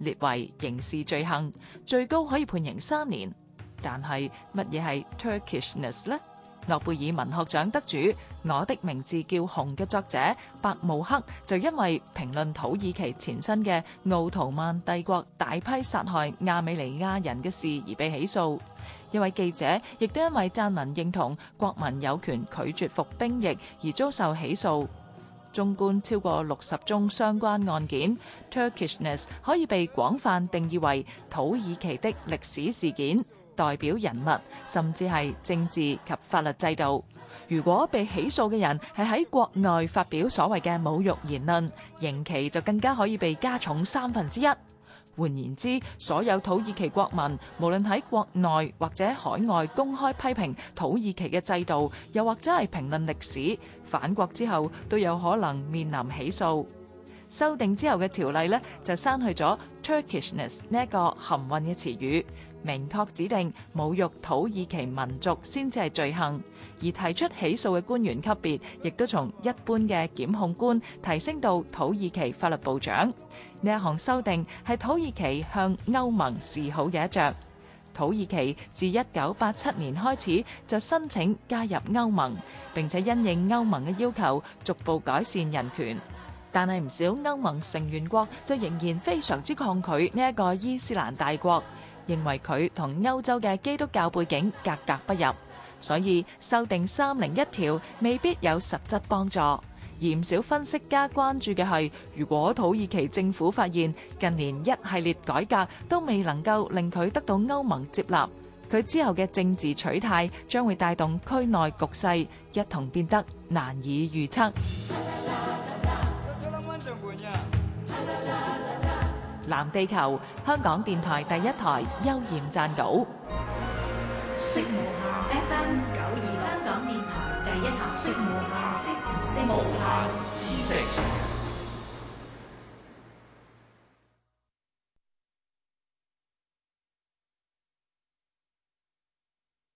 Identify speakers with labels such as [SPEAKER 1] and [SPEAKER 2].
[SPEAKER 1] 列為刑事罪行，最高可以判刑三年。但係乜嘢係 Turkishness 呢？諾貝爾文學獎得主《我的名字叫紅》嘅作者白慕克就因為評論土耳其前身嘅奧圖曼帝國大批殺害亞美尼亞人嘅事而被起訴。一位記者亦都因為贊文認同國民有權拒絕服兵役而遭受起訴。中觀超過六十宗相關案件，Turkishness 可以被廣泛定義為土耳其的歷史事件、代表人物，甚至係政治及法律制度。如果被起訴嘅人係喺國外發表所謂嘅侮辱言論，刑期就更加可以被加重三分之一。換言之，所有土耳其國民，無論喺國內或者海外公開批評土耳其嘅制度，又或者係評論歷史，返國之後，都有可能面臨起訴。修訂之後的條例呢，就刪去咗 Turkishness 呢一個含混嘅詞語，明確指定侮辱土耳其民族先至係罪行，而提出起訴嘅官員級別亦都從一般嘅檢控官提升到土耳其法律部長。呢一項修訂係土耳其向歐盟示好嘅一着。土耳其自1987年開始就申請加入歐盟，並且因應歐盟嘅要求逐步改善人權。但係唔少歐盟成員國就仍然非常之抗拒呢一個伊斯蘭大國，認為佢同歐洲嘅基督教背景格格不入，所以修訂三零一條未必有實質幫助。而唔少分析家關注嘅係，如果土耳其政府發現近年一系列改革都未能夠令佢得到歐盟接納，佢之後嘅政治取態將會帶動區內局勢一同變得難以預測。藍地球，香港電台第一台，邱焱撰稿。